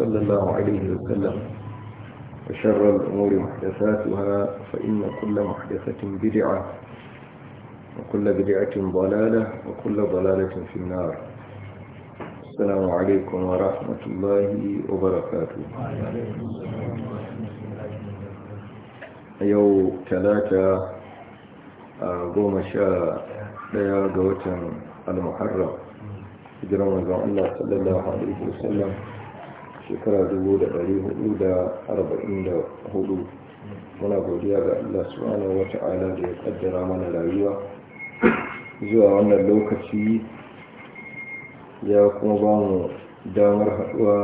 صلى الله عليه وسلم وشر الأمور محدثاتها فإن كل محدثة بدعة وكل بدعة ضلالة وكل ضلالة في النار السلام عليكم ورحمة الله وبركاته يوم ثلاثة آه، قوم شاء ليا قوة المحرم hijiran الله صلى الله عليه وسلم shekara dubu da ɗari hudu da arba'in da hudu muna godiya ga allah subhanahu wa ta'ala da ya kaddara mana rayuwa zuwa wannan lokaci ya kuma ba mu damar haduwa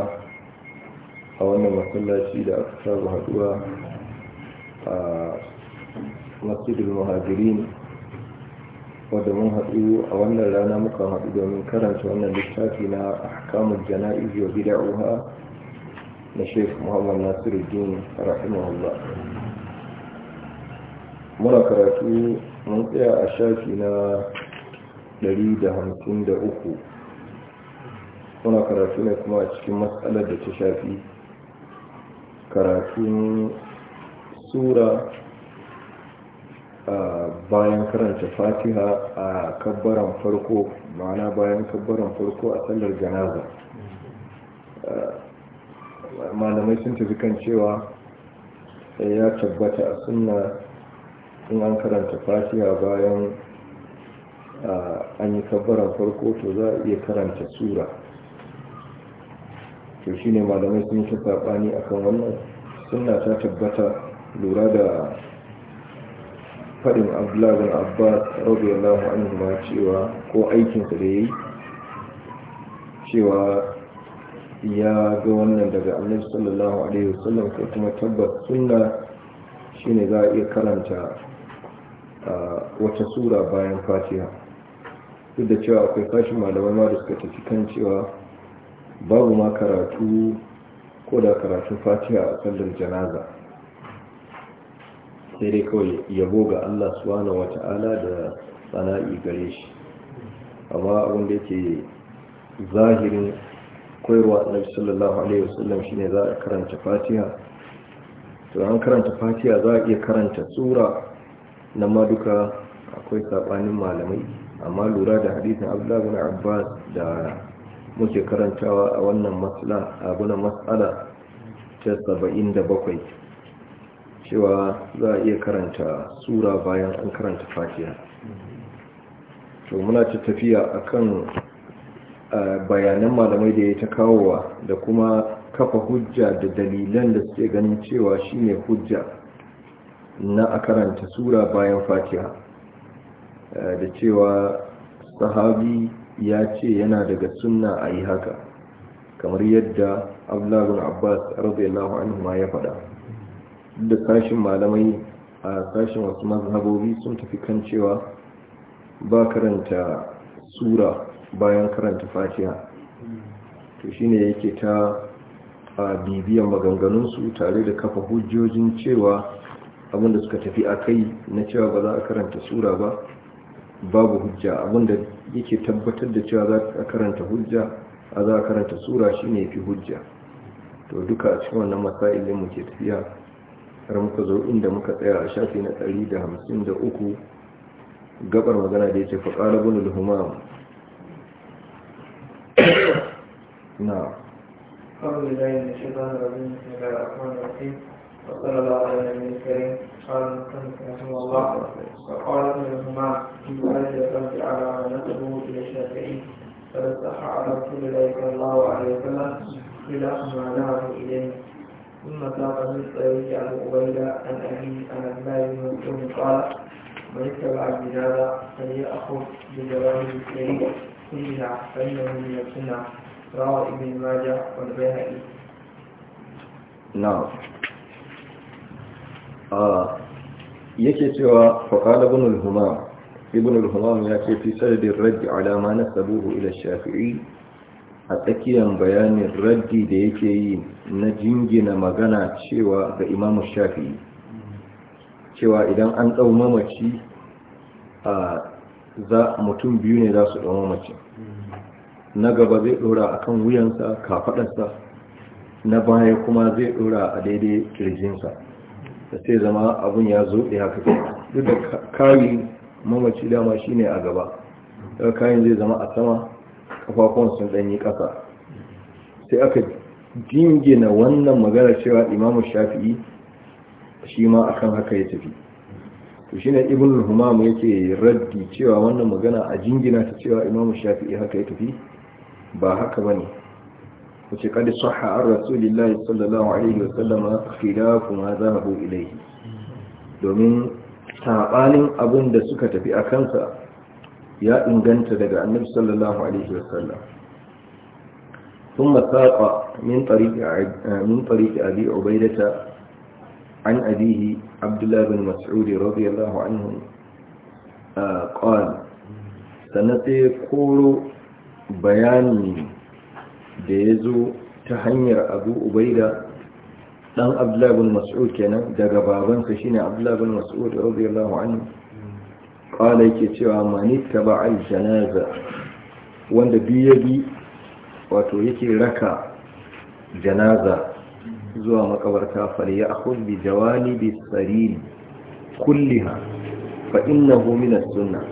a wannan masallaci da aka saba haduwa a masjidul muhajirin wadda mun haɗu a wannan rana muka haɗu domin karanta wannan littafi na ahkamul jana'iz wa bid'uha na sheikh muhammad nasiruddin rahimahullah muna karatu mun tsaya a shafi na da hamsin uku muna karatu ne kuma a cikin matsalar da ta shafi karatun sura bayan karanta fatiha a kabbaran farko ma'ana bayan kabbaran farko a sallar janaza malamai sun tafi kan cewa eh, ya tabbata a sunna in an karanta fatiha bayan an yi kabbaran farko to za a iya karanta sura to shine malamai sun yi saɓani akan wannan sunna ta tabbata lura da faɗin abdullabin abbas rabiyallahu yallahu ma cewa ko aikinsa da ya yi cewa ya ga wannan daga annabi sallallahu alaihi wasallam ko kuma tabbas sunna shine za a iya karanta wata sura bayan fatiha duk da cewa akwai fashin malamai ma da suka tafi kan cewa babu ma karatu ko da karatun fatiha a sallar janaza sai dai kawai yabo ga allah subhanahu wata'ala da sana'i gare shi amma abin da yake zahirin koyarwa na sallallahu alaihi wasallam shine za a karanta fatiha to an karanta fatiha za a iya karanta sura na maduka akwai sabanin malamai amma lura da hadisin abdullahi bin abbas da muke karantawa a wannan mas'ala abuna mas'ala ta bakwai cewa za a iya karanta sura bayan an karanta fatiha to muna ta tafiya akan bayanan malamai da ya ta kawowa da kuma kafa hujja da dalilan da suke ganin cewa shine hujja na a karanta sura bayan fatiha da cewa sahabi ya ce yana daga sunna a yi haka kamar yadda abdullahi abbas radiyallahu anhu ma ya faɗa da sashin malamai a sashin wasu mazhabobi sun tafi kan cewa ba karanta sura bayan karanta fatiha to shine yake ta bibiyan maganganunsu tare da kafa hujjojin cewa abinda suka tafi a kai na cewa ba za a karanta sura ba babu hujja abinda yake tabbatar da cewa za a karanta hujja a za a karanta sura shine fi hujja to duka a cikin wannan masailin mu ke tafiya har muka zo inda muka tsaya a shafi na 153 gabar magana da yake faqala bunul humam نعم أعوذ بالله من الشيطان الرجيم بسم الله الرحمن الرحيم وصلى الله على النبي الكريم قال المسلم رحمه الله وقال ابن في بلد الرد على الى الشافعي فقد صح على رسول الله صلى الله عليه وسلم خلاف ما ذهبوا اليه ثم ساق مثل يجعل عبيد عن ابيه عن عبد الله بن قال من اتبع بهذا فليأخذ بجوامع الكريم كلها فإنه من السنة رواه ابن yake cewa faƙala ibn al-humam ibn al-humam ya ce fi sadadin raddi alama na sabuhu ila shafi'i a tsakiyar bayanin raddi da yake yi na jingina magana cewa ga imamu shafi'i cewa idan an ɗau mamaci a mutum biyu ne za su ɗau mamaci na gaba zai dora a kan wuyansa kafadarsa na baya kuma zai dora a daidai kirjinsa da sai zama abin ya zo ya haka duk da kayi mamaci dama shi ne a gaba daga kayan zai zama a sama kafafun sun ɗanyi ƙasa sai aka jingina wannan magana cewa imamu shafi'i shi ma akan haka ya tafi to shine ibn humam yake raddi cewa wannan magana a jingina ta cewa imamu shafi'i haka ya tafi ba haka bane wace kada sahha an rasulillahi sallallahu alaihi wasallam khilafu ma zahabu ilayhi domin sabanin abin da suka tafi a kansa ya inganta daga annabi sallallahu alaihi wasallam ثم ساق من طريق من طريق ابي عبيده عن ابيه عبد الله بن مسعود رضي الله عنه قال سنتي bayani da ya zo ta hanyar abu ubaida dan abdullahi bin mas'ud kenan daga babansa shine abdullahi bin mas'ud radiyallahu anhu qala yake cewa mani taba al wanda biyabi wato yake raka janaza zuwa makabarta faliya akhud bi jawanibi sarir kulliha fa innahu min as-sunnah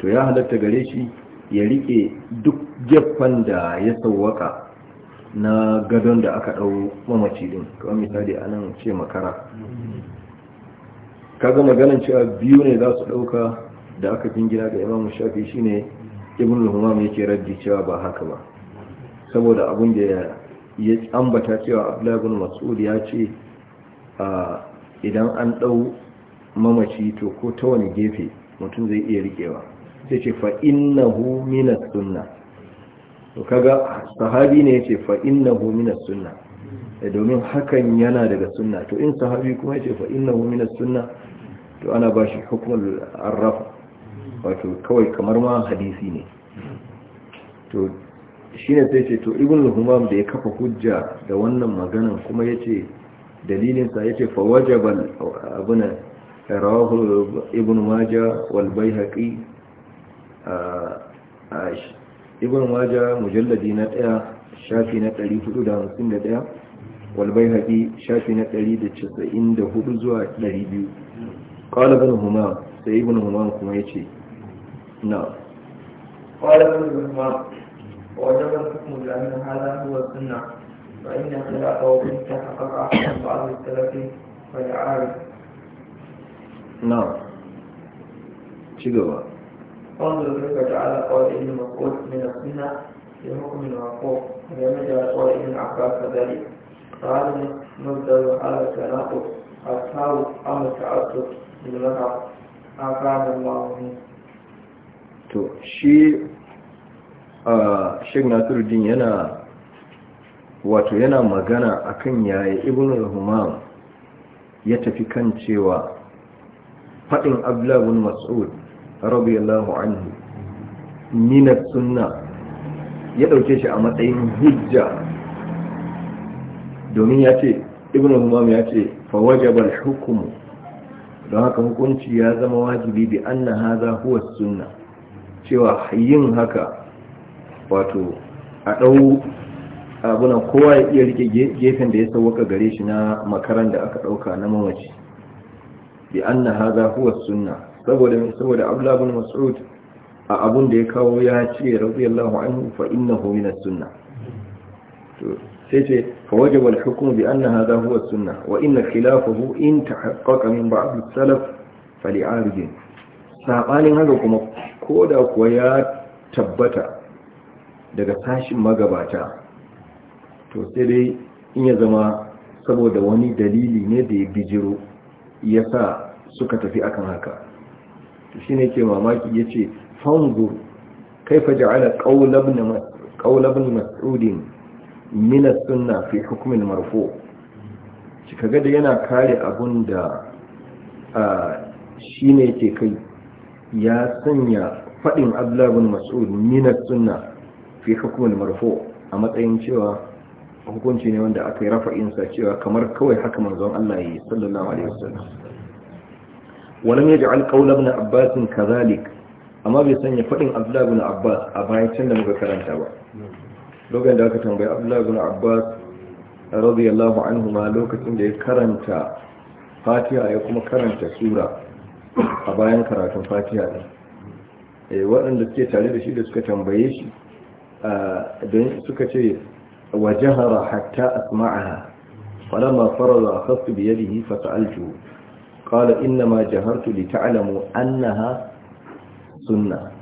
to ya halatta gare shi ya rike duk gefen da ya sauwaka na gadon da aka ɗau mamaci din kawai misali a nan ce makara ka kaga maganin cewa biyu ne za su ɗauka da aka jingina ga imamu shafi shine ibn al-humam yake raddi cewa ba haka ba saboda abin da ya ambata cewa abdullahi ibn mas'ud ya ce idan an ɗau mamaci to ko ta wani gefe mutum zai iya rikewa. sai ce fa innahu minas sunna to kaga sahabi ne yace fa innahu minas sunna eh, domin hakan yana daga suna to in sahabi kuma yace fa innahu minas suna to ana bashi hukumar arraf wato kawai kamar ma hadisi ne to shine sai ce to ibn humam da ya kafa hujja da wannan maganan kuma ya ce dalilinsa ya ce fa wajabal abuna rawahu ibn majah wal baihaqi ibn maja mujalladi na ɗaya shafi na 451 walbai haƙi shafi na 194 zuwa 200 ƙwala bin huma sai ibn huma kuma ya ce na ƙwala bin huma wajen hukumu da hada huwa suna ba ina kira a ta haƙaƙa a ba'azin talafi ba da ari na ci gaba فانظر كيف جعل قول ابن مسعود من السنة بحكم الوقوع ولم يجعل قول ابن عباس كذلك فهذا مبدأ على التناقض أصحاب أو التعصب بالمذهب أعفانا الله منه to shi a shek nasiruddin yana wato yana magana akan yaya ibn al-humam ya tafi kan cewa fadin abdullah abdullabun mas'ud radiyallahu anhu min sunna ya dauke shi a matsayin hujja domin ya ce ibn umam ya ce fa wajaba al-hukm don haka hukunci ya zama wajibi bi anna hadha huwa sunna cewa yin haka wato a dau abuna kowa ya iya rike gefen da ya sauwaka gare shi na makaran da aka dauka na mamaci bi anna hadha huwa sunna saboda min saboda mas'ud a abun da ya kawo ya ce radiyallahu anhu fa innahu min as sai ce fa wajaba al bi anna hadha huwa suna, wa khilafahu in tahaqqaqa min ba'd as-salaf fali'arijin sabanin haka kuma koda kuwa ya tabbata daga sashin magabata to sai dai in ya zama saboda wani dalili ne da ya bijiro ya sa suka tafi akan haka to shine yake mamaki yace fanzur kaifa ja'ala qawl ibn minas ibn fi hukm al-marfu' shi kaga da yana kare abun da shine yake kai ya sanya fadin abdullah ibn mas'ud min as fi hukm al a matsayin cewa hukunci ne wanda aka yi rafa'insa cewa kamar kawai haka manzon Allah yi sallallahu alaihi wasallam ولم يجعل قول ابن عباس كذلك اما bai sanya fadin Abdullah ibn Abbas a bayan can da muka karanta ba lokacin da aka tambayi Abdullah ibn Abbas radiyallahu anhu ma lokacin da ya karanta Fatiha ya kuma karanta sura a bayan karatun Fatiha din eh waɗanda suke tare da shi da suka tambaye shi don suka ce wajahara hatta asma'aha falamma farada khass bi yadihi fa sa'altu qala inna ma jahartu li ta'lamu annaha sunna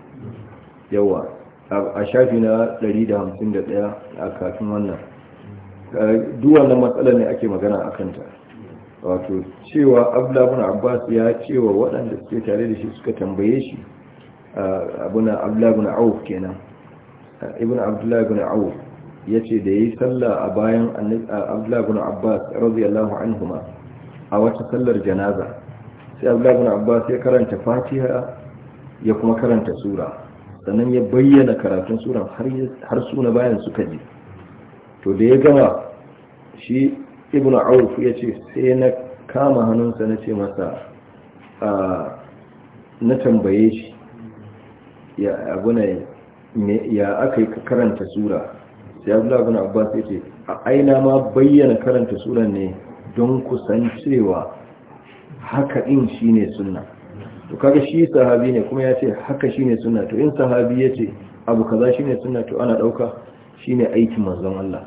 yawa a shafi na 151 a kafin wannan duk wannan matsalar ne ake magana a kanta wato cewa abdullahi abbas ya cewa waɗanda suke tare da shi suka tambaye shi abuna abdullahi kenan ibn abdullahi ibn auf yace da yayi sallah a bayan abdullahi ibn abbas radiyallahu anhuma a wata sallar janaza sai abdullahi ibn abbas ya karanta fatiha ya kuma karanta sura sannan ya bayyana karatun sura har suna bayan suka ji to da ya gama shi ibn auf ya ce sai na kama hannunsa na ce masa na tambaye shi ya abuna ya aka karanta sura sai abdullahi ibn abbas ya ce a aina ma bayyana karanta sura ne don kusancewa haka shi shine suna to kaga shi sahabi ne kuma ya ce haka shine suna to in sahabi ya ce abu kaza shine suna to ana dauka shine aikin manzon Allah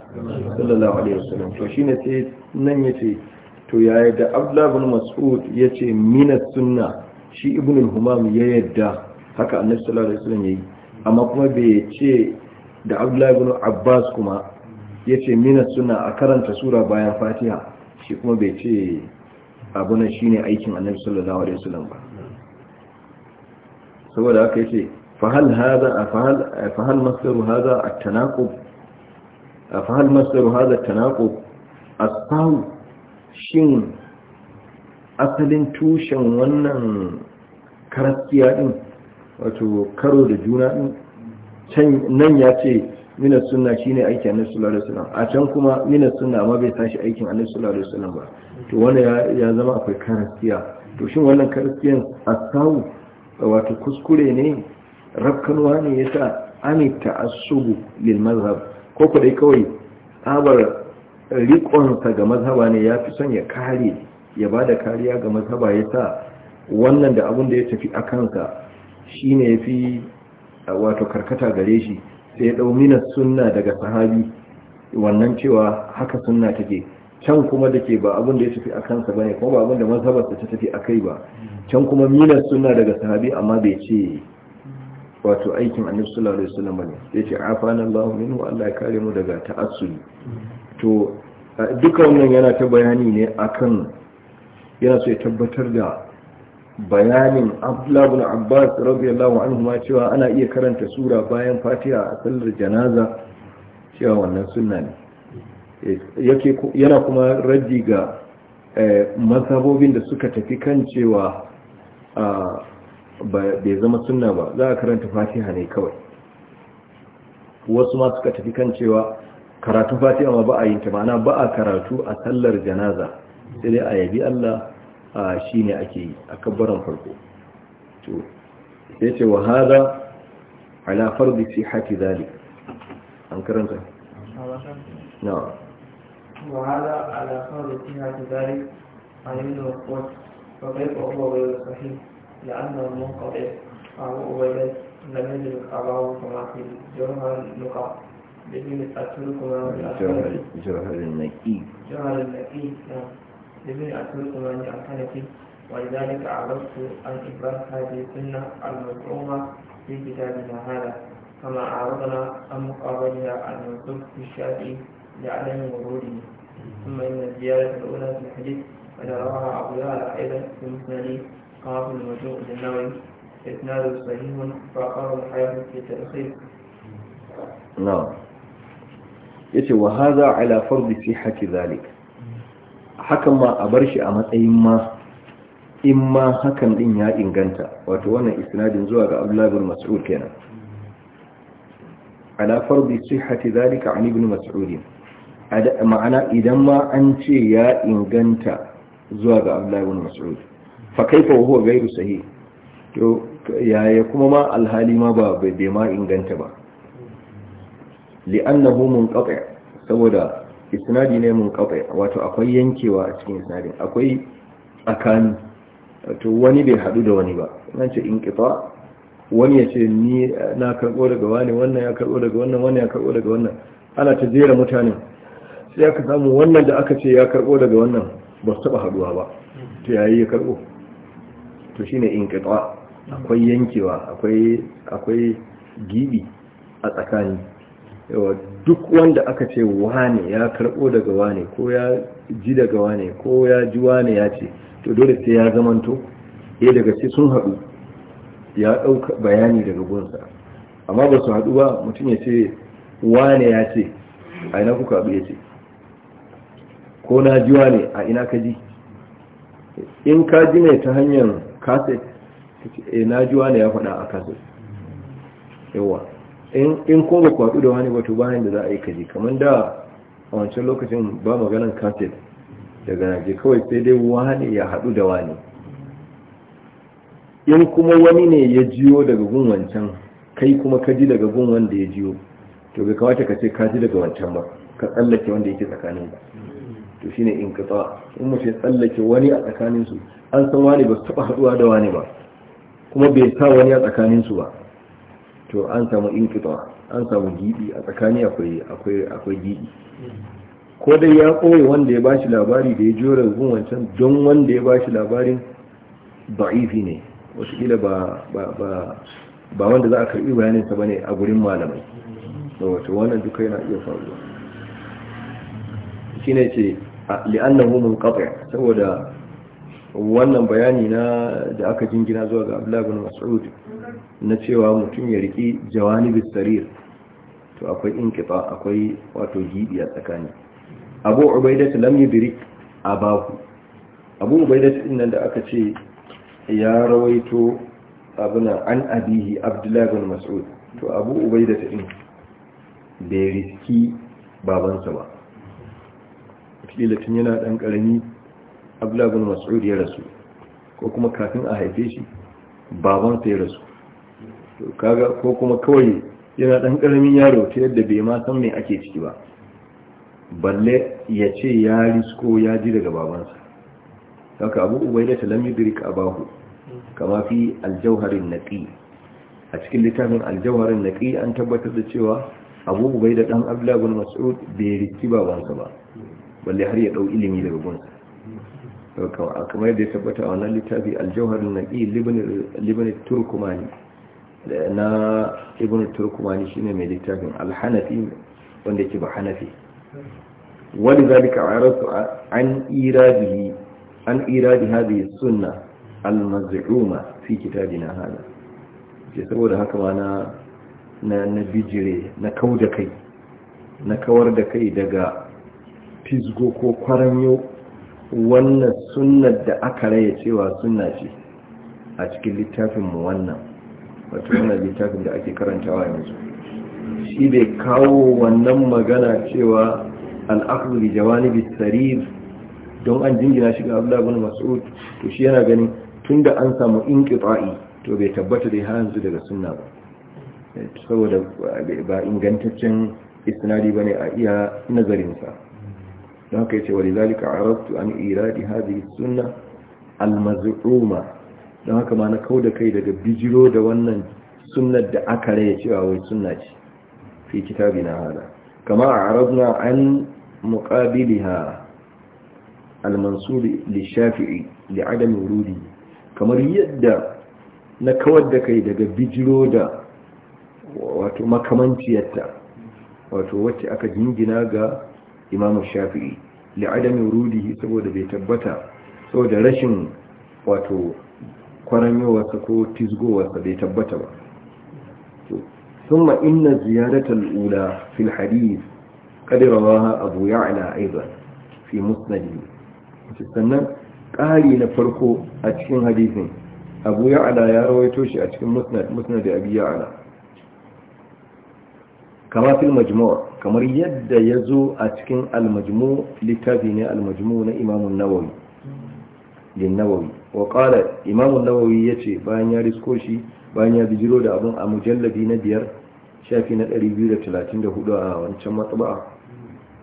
sallallahu alaihi wasallam to shine sai nan yace to yaya da Abdullah ibn Mas'ud yace mina sunna shi ibn al-Humam ya yadda haka Annabi sallallahu alaihi wasallam yayi amma kuma bai ce da Abdullah ibn Abbas kuma yace mina sunna a karanta sura bayan Fatiha shi kuma bai ce abunan shi ne aikin annabi sallallahu alaihi wasallam ba saboda haka yace fahal hada fahal fahal masdar hada at-tanaqub fahal masdar hada at-tanaqub as shin asalin tushen wannan karatiya din wato karo da juna din can nan yace mina sunna shine aikin annabi sallallahu alaihi wasallam a can kuma mina sunna ma bai tashi aikin annabi sallallahu alaihi wasallam ba to wani ya zama akwai karaskiya to shin wannan karaskiyan asawu wato kuskure ne rafkanuwa ne ya yasa ani ta'assubu lil mazhab ko ku dai kawai tsabar rikonsa ga mazhaba ne ya fi son ya kare ya ba da kariya ga mazhaba ya sa wannan da abin da ya tafi a kansa shi ne ya fi wato karkata gare shi sai ya ɗau mina sunna daga sahabi wannan cewa haka sunna take can kuma da ke ba abin da ya tafi a kansa bane. kuma ba abin da mazhabar ta tafi a kai ba can kuma minas suna daga sahabi amma bai ce wato aikin annabi sallallahu alaihi wasallam bane sai ce afana Allah minhu Allah ya kare mu daga ta'assuli to duka wannan yana ta bayani ne akan yana so ya tabbatar da bayanin Abdullah ibn Abbas radiyallahu anhu ma cewa ana iya karanta sura bayan Fatiha a sallar janaza cewa wannan sunna ne yana kuma raddi ga eh, mazhabobin da suka tafi kan cewa bai zama sunna ba za a karanta fatiha ne kawai wasu ma suka tafi kan cewa karatun fatiha ma ba a yin ta ma'ana ba a karatu a sallar janaza sai dai a yabi Allah shi ne ake yi a kabbaran farko to sai ce wa hada ala fardi sihati zalik an karanta na وهذا على قول اتهاج ذلك عن الوقت فكيف هو غير صحيح لأنه منقطع أو أبيض لم يجد الأباء كما في جوهر النقاط لابن أتركما جوهر النكي جوهر النكي نعم لابن أتركما لأنحنفي ولذلك أعرضت ان إبراز هذه السنة المزعومة في كتابنا هذا كما أعرضنا عن مقابلها في الشافعي لعدم وروده ثم إن الزيادة الأولى في الحديث قد رواها أبو يعلى أيضا في مسند قاف المجوء للنووي إسناد صحيح فقال الحافظ في التلخيص نعم yace wa haza ala fardi sihhati zalik hakan ma a bar shi a matsayin ma in ma hakan din ya inganta wato wannan isnadin zuwa ga Abdullah ibn Mas'ud kenan ala fardi sihhati zalika an ibn Mas'ud ma'ana idan ma an ce ya inganta zuwa ga abdullahi ibn mas'ud fa kaifa huwa ghairu sahih to yaya kuma ma alhali ma ba bai ma inganta ba li'annahu munqati saboda isnadi ne munqati wato akwai yankewa a cikin isnadin akwai tsakani to wani bai hadu da wani ba nan ce inqita wani ya ce ni na karbo daga wani wannan ya karbo daga wannan wannan ya karbo daga wannan ana ta jera mutanen sai aka samu wannan da aka ce ya karbo daga wannan ba su taba haduwa ba to yayi ya karbo to shine in kitwa akwai yankewa akwai akwai gibi a tsakani yawa duk wanda aka ce wane ya karbo daga wane ko ya ji daga wane ko ya ji wane ya ce to dole sai ya zamanto ya daga sai sun haɗu ya ɗauka bayani daga gunsa amma ba su haɗu ba mutum ya ce wane ya ce a ina kuka abu ya ce ko na jiwa ne a ina ka ji in ka ji ne ta hanyar kaset e eh, na jiwa ne ya fada a kaset yawa in ko ba da wani wato bayan da za a yi kaji kamar da a wancan lokacin ba maganan kaset daga naje kawai sai dai wani ya hadu da wani in kuma wani ne ya jiyo daga gun wancan kai kuma ka ji daga gun wanda ya jiyo to bai kawata ka ce ka ji daga wancan ba ka tsallake wanda yake tsakanin ba to shine in katsa in mace ya tsallake wani a tsakanin su an san wani ba su haduwa da wani ba kuma bai sa wani a tsakanin su ba to an samu in katsa an samu gidi a tsakani akwai akwai akwai gidi ko dai ya koyi wanda ya bashi labari da ya jora gun wancan don wanda ya bashi labarin da'ifi ne wasu ila ba ba ba wanda za a karbi bayaninsa ba ne a gurin malamai da wata wannan duka yana iya faruwa shi ne ce li'annahu munqati saboda wannan bayani na da aka jingina zuwa ga Abdullah ibn Mas'ud na cewa mutum ya riki jawanibis sarir to akwai inqita akwai wato gibi a tsakani Abu Ubaidah lam yudrik abahu Abu Ubaidah din nan da aka ce ya rawaito abuna an abihi Abdullah ibn Mas'ud to Abu Ubaidah din bai riski babansa ba watakila tun yana ɗan ƙarami abdullabin mas'ud ya rasu ko kuma kafin a haife shi babansa ya rasu kaga ko kuma kawai yana ɗan ƙaramin yaro ta yadda bai ma san mai ake ciki ba balle ya ce ya risko ya ji daga babansa haka abu ubai da a abahu kama fi aljauharin naƙi a cikin littafin aljauharin naƙi an tabbatar da cewa abu ubai da ɗan abdullabin mas'ud bai rikki babansa ba balle har ya dau ilimi daga gunsa kawai kamar yadda ya tabbata a wannan littafi aljawhar naqi libni turkumani na ibn turkumani shine mai littafin Al-Hanafi wanda yake ba hanafi wani zalika aratu an iradihi an iradi hadhihi sunna almaz'uma fi kitabina hada ke saboda haka ma na na bijire na kai na kawar da kai daga fizgo ko kwaranyo wannan sunan da aka raya cewa sunna ce a cikin littafin mu wannan wato wannan littafin da ake karantawa yanzu shi bai kawo wannan magana cewa al'akhdhu bi jawanibi don an jingina shi ga Abdullah ibn Mas'ud to shi yana ganin tunda an samu inqita'i to bai tabbata da har yanzu daga sunna ba eh, saboda ba ingantaccen isnadi ne a iya nazarinsa don haka yace a aradtu an iradi hadhihi suna almaz'uma don haka ma na da kai daga bijiro da wannan sunan da aka raya cewa wai suna ce fi na hada kama aradna an muqabilha shafi'i li li'adami rudi kamar yadda na kawar da kai daga bijiro da wato makamanciyarta wato wacce aka jingina ga imam shafi'i li'adami rudihi saboda bai tabbata saboda rashin wato kwaranyowarsa ko tizgowarsa bai tabbata ba ثم إن الزيادة الأولى في الحديث قد رواها أبو يعلى أيضا fi مسنده sannan ƙari na farko a cikin hadisin abu ya'ala ya rawaito shi a cikin musnad abi ya'ala kama fil majmu' kamar yadda yazo a cikin al-majmu' littafi ne al-majmu' na Imam an-Nawawi din Nawawi wa qala Imam an-Nawawi yace bayan ya risko shi bayan ya bijiro da abun a mujalladi na biyar shafi na 234 a wancan matba'a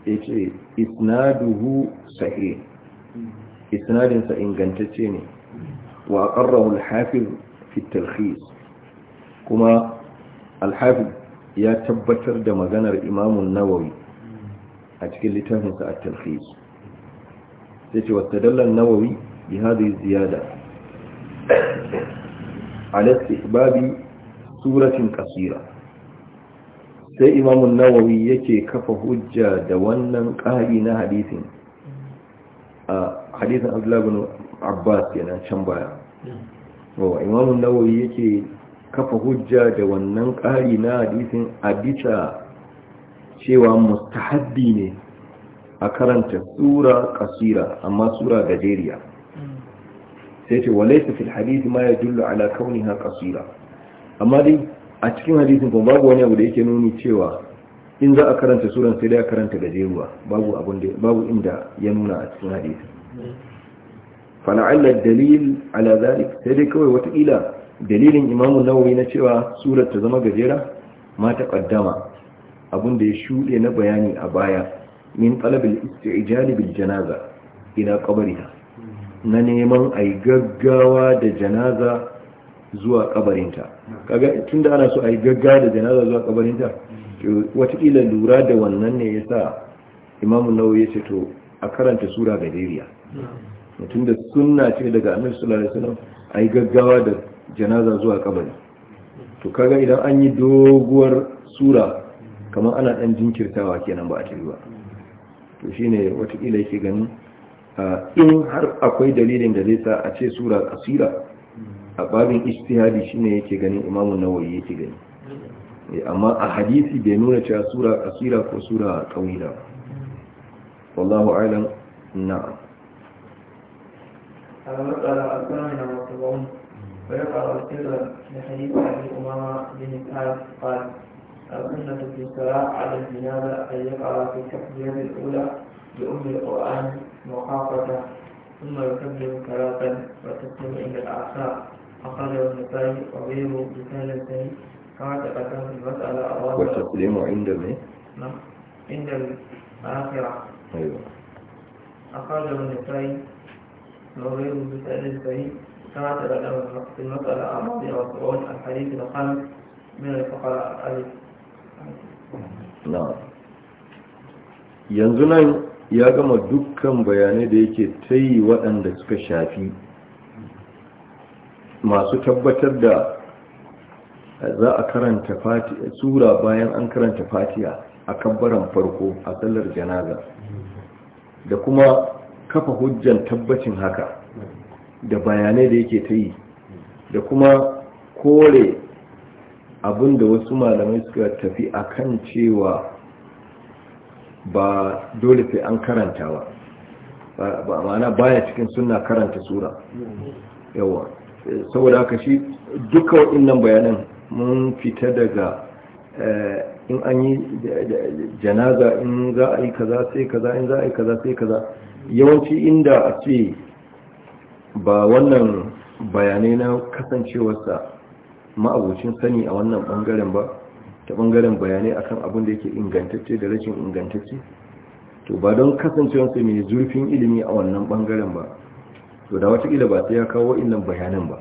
yace isnaduhu sahih isnadin sa ingantacce ne wa aqarrahu al-hafiz fi at-talkhis kuma al-hafiz ya tabbatar da maganar imamun nawawi a cikin littafinsa a talfis sai ce wata dallar nawawi bi hadhihi ziyada ala istihbabi suratin qasira sai imamun nawawi yake kafa hujja da wannan ƙari na hadisin a hadisin abdullahi ibn abbas yana can baya wa imamun nawawi yake kafa hujja da wannan ƙari na hadisin a bisa cewa mustahabbi ne a karanta sura kasira amma sura gajeriya sai ce walaisa fil hadisi ma ya jullu ala kauniha kasira amma dai a cikin hadisin kuma babu wani abu da yake nuni cewa in za a karanta suran sai dai a karanta gajeruwa babu babu inda ya nuna a cikin hadisin fala'alla dalil ala zalik sai dai kawai wata ila dalilin imamu nawawi na cewa surar ta zama gajera ma ta kaddama abinda ya shuɗe na bayani a baya min talabil isti'jali bil janaza ila qabriha na neman ai gaggawa da janaza zuwa kabarinta kaga tunda ana so ai gaggawa da janaza zuwa kabarinta kila lura da wannan ne yasa imamu nawawi ya ce to a karanta sura gajeriya tunda sunna ce daga annabi sallallahu alaihi wasallam ai gaggawa da janaza zuwa kabari to kaga idan an yi doguwar sura kamar ana dan jinkirtawa kenan ba a tafi ba to shine watakila yake ganin in har akwai dalilin da zai sa a ce sura kasira a babin ijtihadi shine yake ganin imamu nawawi yake gani eh, amma a hadisi bai nuna cewa sura kasira ko sura kawila wallahu a'lam na'am ويقرأ السر لحديث أبي أمامة بن كعب قال السنة في الصلاة على الجنابه أن يقرأ في التحذير الأولى بأم القرآن مخافة ثم يكبر ثلاثا وتسلم إلى الأعشاء أخرجه النسائي وغيره بسهل سهل كما تقدم المسألة وتسلم عند من؟ إيه؟ نعم عند الآخرة أيوه أخرجه النسائي وغيره بسهل سهل في المسألة الماضية الحديث الخامس من الفقراء الألف yanzu nan ya gama dukkan bayanai da yake ta yi waɗanda suka shafi masu tabbatar da za a karanta sura bayan an karanta fatiya a kabbaran farko a tsallar janaza da kuma kafa hujjan tabbacin haka da bayanai da yake ta yi da kuma kore abin da wasu malamai suka tafi a kan cewa ba dole sai an karanta ba ba ma'ana baya cikin suna karanta sura yawa saboda haka shi duka waɗannan bayanan mun fita daga eh, in an yi janaza in za a yi kaza sai kaza in za a yi kaza sai kaza yawanci inda a ce ba wannan bayanai na kasancewarsa ma'abucin sani a wannan bangaren ba ta bangaren bayanai akan abin da yake ingantacce da rashin ingantacce to ba don kasancewarsa mai zurfin ilimi a wannan bangaren ba to da watakila ba sai ya kawo innan bayanan ba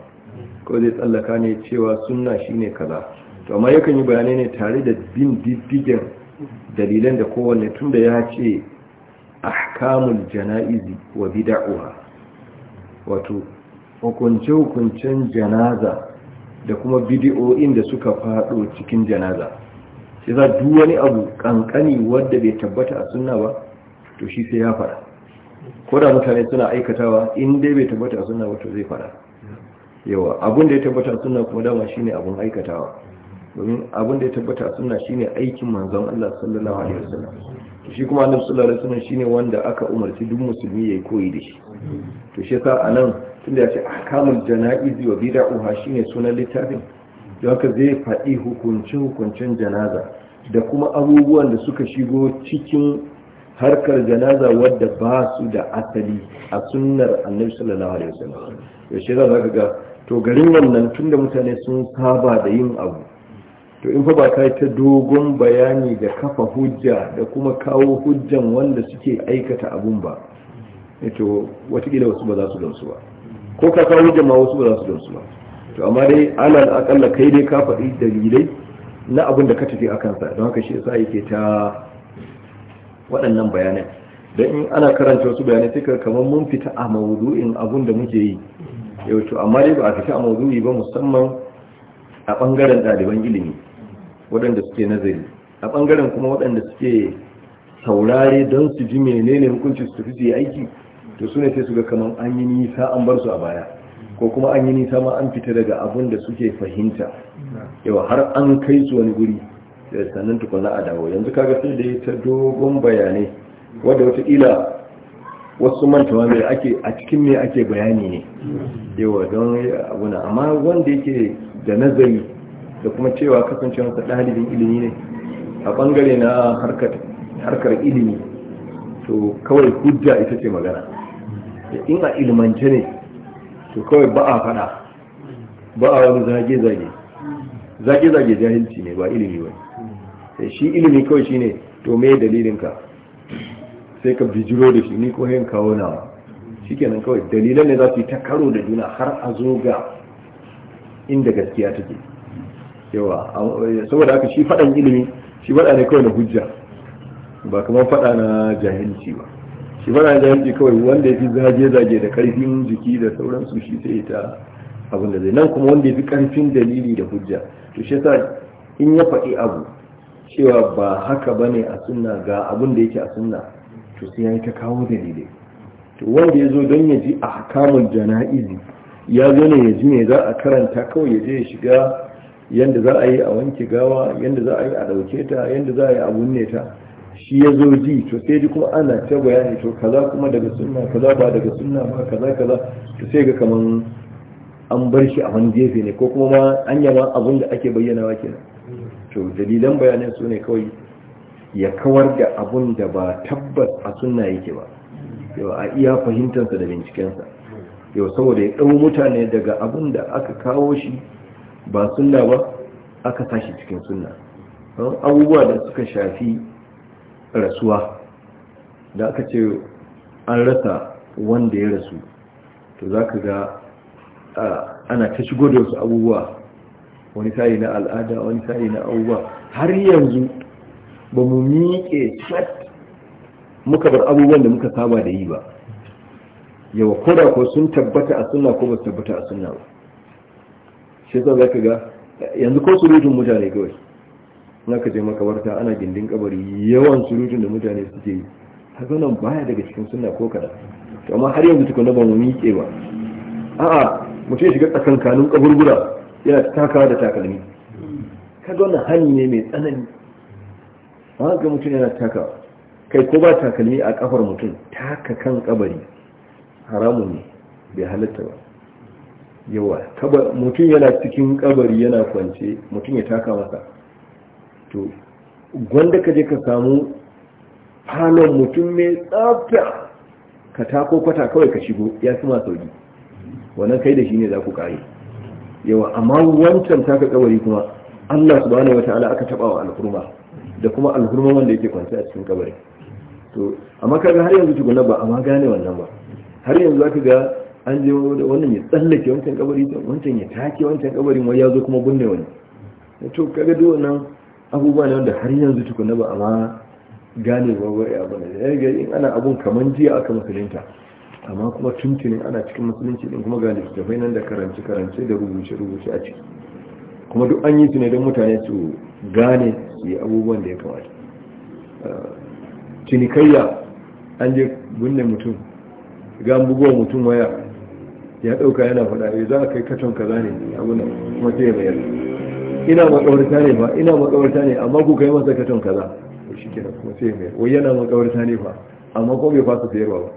ko zai tsallaka ne cewa sunna ne kaza to amma yakan yi bayanai ne tare da bin diddigen dalilan da kowanne tunda ya ce ahkamul jana'izi wa bid'uha wato hukunce-hukuncen janaza da kuma bidiyo da suka fado cikin janaza sai za duk wani abu kankani wadda bai tabbata a sunna ba to shi sai ya faɗa ko mutane suna aikatawa in dai bai tabbata a sunna ba to zai faɗa yawa abun da ya tabbata a sunna kuma dama shine abun aikatawa domin abin da ya tabbata suna shine aikin manzon Allah sallallahu alaihi wasallam shi kuma annabi sallallahu alaihi wasallam shine wanda aka umarci duk musulmi yayi koyi da shi to shi yasa anan tunda ya ce ahkamul janaizi wa bid'uha shine sunan littafin don haka zai faɗi hukuncin hukuncin janaza da kuma abubuwan da suka shigo cikin harkar janaza wadda ba su da asali a sunnar annabi sallallahu alaihi wasallam yaushe za ka ga to garin wannan tunda mutane sun saba da yin abu to in fa ba ka ta dogon bayani da kafa hujja da kuma kawo hujjan wanda suke aikata abun ba eh, to watakila wasu ba za su gamsu ba ko ka kawo hujjan ma wasu ba za su gamsu ba to amma dai alal akalla kai dai ka faɗi dalilai na abin da ka tafi a kansa don haka shi yasa yake ta waɗannan bayanai don in ana karanta wasu bayanai sai kamar mun fita a mawudu'in abun da muke yi yau to amma dai ba a fita a mawudu'i ba musamman a ɓangaren ɗaliban ilimi waɗanda suke nazari a ɓangaren kuma waɗanda suke saurare don su ji menene hukunci su tafi su aiki to su ne sai su ga kamar an yi nisa an bar su a baya ko kuma an yi nisa ma an fita daga abin da suke fahimta yawa har an kai su wani guri da eh, sannan tukuna a dawo yanzu kaga sai da ya ta dogon bayanai wadda wataƙila wasu mantawa mai ake a cikin mai ake bayani ne yawa don eh, abuna amma wanda yake da nazari da kuma cewa masa ɗalibin ilimi ne a ɓangare na harkar ilimi to kawai hujja ita ce magana in a ilimance ne to kawai ba a faɗa ba a wani zage-zage zage-zage jahilci ne ba ilimi ba shi ilimi kawai shi ne to me dalilinka sai ka bijiro da shi ni ko yin kawo nawa kenan kawai dalilan ne za su yi ta karo da juna har a zo ga inda gaskiya take yawa eh, saboda haka shi faɗan ilimi shi faɗa ne kawai na hujja ba kamar faɗa na jahilci ba shi faɗa na jahilci kawai wanda ya fi zage-zage da ƙarfin jiki da sauransu shi sai ta abin da zai nan kuma wanda ya fi ƙarfin dalili da hujja to shi yasa in ya faɗi abu cewa ba haka ba ne a sunna ga abin da yake a sunna to sai ya yi ta kawo dalilai to wanda ya zo don ya ji a kamun jana'izi ya zo ne ya ji me za a karanta kawai ya je ya shiga yadda za a yi a wanke gawa yadda za a yi a ɗauke ta yadda za a yi a wunne ta shi ya zo ji to sai ji kuma ana ta bayani to kaza kuma daga sunna kaza ba daga sunna ba kaza kaza to sai ga kaman an bar shi a wani gefe ne ko kuma ma an yaba abin da ake bayyanawa kenan to dalilan bayanan su ne kawai ya kawar da abun da ba tabbas a sunna yake ba yau a iya fahimtarsa da bincikensa yau saboda ya ɗau mutane daga abun da aka kawo shi ba sunna ba aka tashi cikin sunna abubuwa da suka shafi rasuwa da aka ce an rasa wanda ya rasu to za ka ga ana ta shigo da wasu abubuwa wani sa'i na al'ada wani sa'i na abubuwa har yanzu ba mu miƙe muka bar abubuwan da muka saba da yi ba yawa koda ko sun tabbata a suna ko ba su tabbata a suna ba shi za ka ga yanzu ko surutun mutane kawai na ka je makabarta ana gindin kabari yawan surutun da mutane suke yi haka nan baya daga cikin suna ko kada to amma har yanzu tukuna ba mu miƙe ba a'a mutum ya shiga tsakankanin kaburbura yana takawa da takalmi kaga wannan hannu ne mai tsanani haka mutum yana taka kai ko ba takalmi a kafar mutum taka kan kabari haramun ne bai halatta ba yawa mutum yana cikin kabari yana kwance mutum ya taka masa to gwanda ka je ka samu falon mutum mai tsafta ka tako kwata kawai ka shigo ya fi ma sauki wannan kai da shi ne za ku kare yawa amma wancan taka kabari kuma Allah wata ala aka taba wa alhurma da kuma alhurma wanda yake kwance a cikin kabari to amma kaga har yanzu tukuna ba amma gane wannan ba har yanzu za ka ga an je wannan ya tsallake wancan kabari wancan ya take wancan kabarin wai ya zo kuma binne wani to kaga duk wannan abubuwa ne wanda har yanzu na ba amma gane ba wai abu ne ya ga in ana abun kaman jiya aka musulunta amma kuma tuntunin ana cikin musulunci din kuma ga littattafai nan da karance karance da rubuce rubuce a ciki kuma duk an yi su ne don mutane su gane su yi abubuwan da ya kamata cinikayya an je binne mutum ga bugowa mutum waya ya ɗauka yana faɗa yi eh, za a kai katon kaza ne abu nan kuma sai ya bayar ina makawarta ne ba ina makawarta ne amma ku kai masa katon kaza to shi kenan kuma sai ya bayar wai yana makawarta ne fa amma ko bai fasa sayarwa ba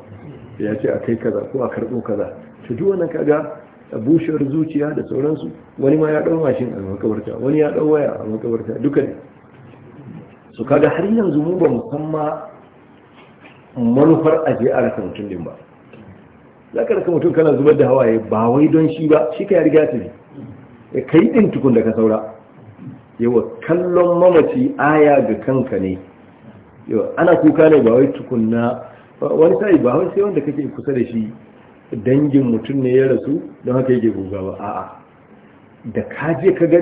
ya ce a kai kaza ko a karɓo kaza to duk wannan kaga bushewar zuciya da sauransu wani ma ya ɗau mashin a makawarta wani ya ɗau waya a makawarta duka ne su kaga har yanzu mu ba musamman manufar ajiyar a rasa mutum ba za ka rasa mutum kana zubar da hawaye ba wai don shi ba shi ka ya riga ne? ya kai ɗin tukun da ka saura yawa kallon mamaci aya ga kanka ne yawa ana kuka ne ba wai tukun na wani sai ba wai sai wanda kake kusa da shi dangin mutum ne ya rasu don haka yake guga ba a'a da ka je ka ga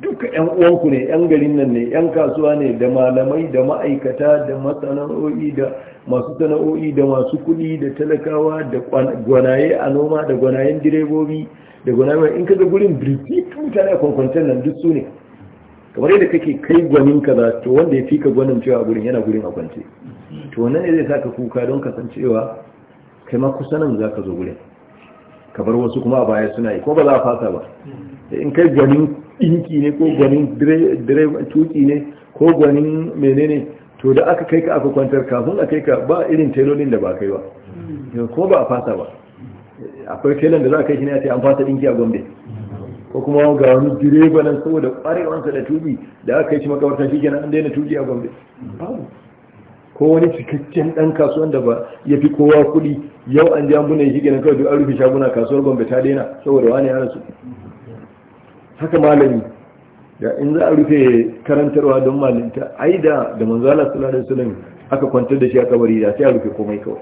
duka yan uwanku ne yan garin nan ne yan kasuwa ne da malamai da ma'aikata da masana'o'i da masu sana'o'i da masu kuɗi da talakawa da gwanaye a noma da gwanayen direbobi da gwanayen in kaga gurin birki mutane a kwankwancen nan duk su ne kamar yadda kake kai gwanin kaza to wanda ya fi ka gwanin cewa gurin yana gurin a kwance to wannan ne zai saka kuka don kasancewa kai ma kusa nan za ka zo gurin kamar wasu kuma a baya suna yi ko ba za a fasa ba in kai gwanin Dinki ne ko gwanin tuki ne ko gwanin menene to da aka kai ka aka kwantar kafin a kai ka ba irin tailorin da ba kai ba ko ba a fasa ba akwai tailor da za a kai shi ne a ce an fasa ɗinki a gombe ko kuma ga wani direba nan saboda ƙwarewansa da tubi da aka kai shi makawarta shi kenan an daina tuki a gombe ko wani cikakken dan kasuwan da ba ya fi kowa kuɗi yau an ja muna shi kenan kawai duk an rufe shaguna kasuwar gombe ta daina saboda wani ya rasu haka malami da in za a rufe karantarwa don malinta ai da da manzo Allah aka kwantar da shi a kabari da sai a rufe komai kawai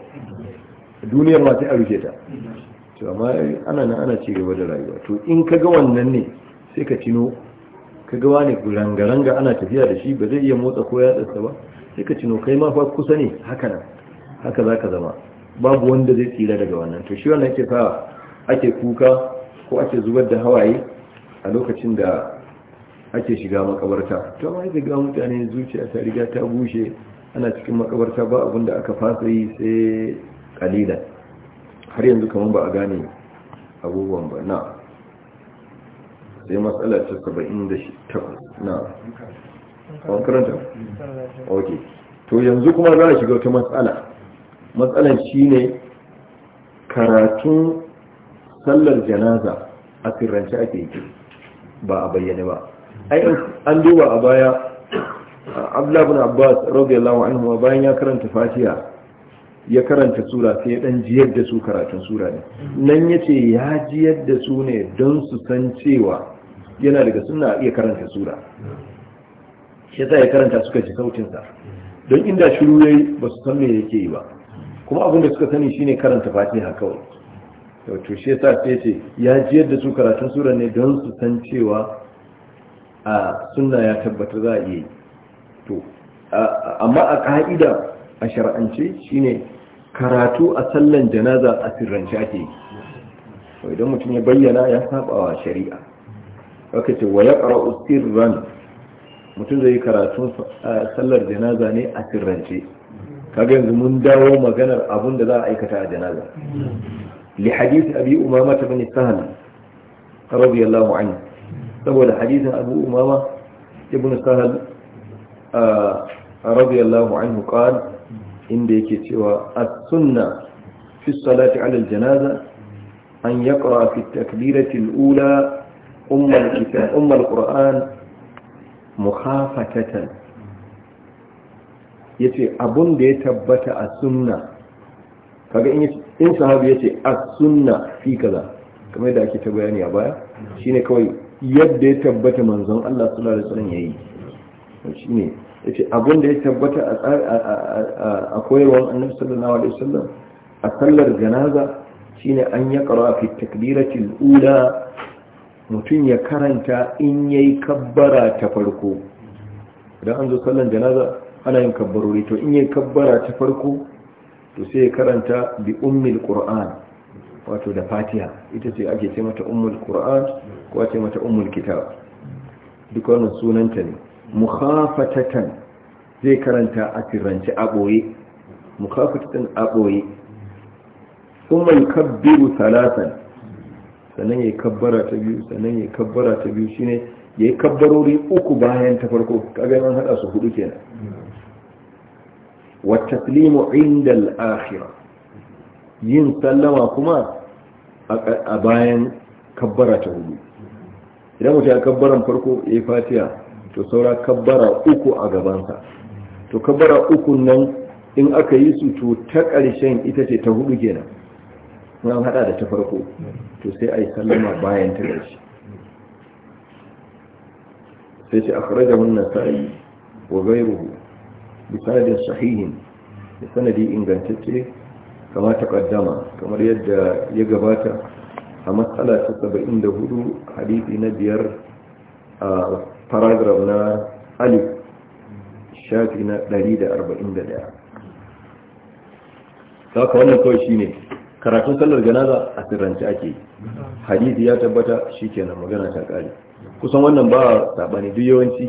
duniyar ma sai a rufe ta to amma ana na ana ci gaba da rayuwa to in ka ga wannan ne sai ka tino ka ga wani rangaranga ana tafiya da shi ba zai iya motsa ko ya tsatsa ba sai ka tino kai ma fa kusa ne haka nan haka ka zama babu wanda zai tsira daga wannan to shi wannan yake ake kuka ko ake zubar da hawaye a lokacin da ake shiga makabarta to amma ga mutane zuciya ta riga ta bushe ana cikin makabarta ba abin da aka fasa yi sai kalilan har yanzu kamar ba a gane abubuwan ba na sai matsala ta saba'in da takwas na kawon karanta ok to yanzu kuma za a shiga wata matsala matsalan shi ne karatun sallar janaza a sirrance ake yi ba a bayyane ba ai an duba a baya abdullahi bin abbas radiyallahu anhu bayan ya karanta fatiha ya karanta sura sai ya dan jiyar da su karatun sura ne nan yace ya jiyar da su ne don su san cewa yana daga suna iya karanta sura shi ya karanta suka ji sautinsa don inda shiru yayi ba su san me yake yi ba kuma abin da suka sani shine karanta fatiha kawai to shi yasa sai ce ya ji da su karatun sura ne don su san cewa a suna ya tabbatar za a iya yi to amma a ka'ida a shar'ance shine karatu a sallan janaza a sirrance ake yi to idan mutum ya bayyana ya saba wa shari'a aka ce wa yaqra'u sirran mutum zai yi karatun sallar janaza ne a sirrance kaga yanzu mun dawo maganar abun da za a aikata a janaza لحديث أبي أمامة بن السهل رضي الله عنه سبب حديث أبو أمامة بن السهل رضي الله عنه قال إن ديك سوى السنة في الصلاة على الجنازة أن يقرأ في التكبيرة الأولى أم, الكتاب أم القرآن مخافتة yace abun da ya tabbata a sunna kaga in yace in sahabi ya ce a sunna fi kaza kamar yadda ake ta bayani a baya shine kawai yadda ya tabbata manzon Allah sallallahu alaihi wasallam yayi shine yace abun da ya tabbata a koyarwar annabi sallallahu alaihi wasallam a sallar janaza shine an ya qara fi takbirati ula mutum ya karanta in yayi kabbara ta farko idan an zo sallar janaza ana yin kabbarori to in yayi kabbara ta farko to sai karanta bi ummil qur'an wato da fatiha ita ce ake ce mata ummul qur'an ko ce mata ummul kitab duk wannan sunanta ne mukhafatatan zai karanta a tirance a boye mukhafatatan a boye kuma kabbiru salatan sannan yayi kabbara ta biyu sannan yi kabbara ta biyu shine ya yi kabbarori uku bayan ta farko kaga an hada su hudu kenan wa taslimu inda al yin sallama kuma a bayan kabbara ta hudu idan mutum ya kabbaran farko ya fatiha to saura kabbara uku a gabansa to kabbara uku nan in aka yi su to ta ƙarshen ita ce ta hudu kenan an haɗa da ta farko to sai ayi sallama bayan ta ƙarshe sai ce akhrajahu an-nasa'i wa ghayruhu bisanadin sahihin da sanadi ingantacce kama takaddama kamar yadda ya gabata a matsala ta 74 hadithi na biyar a paragraf na alif shafi na 141 ta kawannan kawai shine karatun sallar ganaza a sirrance ake hadisi ya tabbata shi kenan magana ta kusan wannan ba a duk yawanci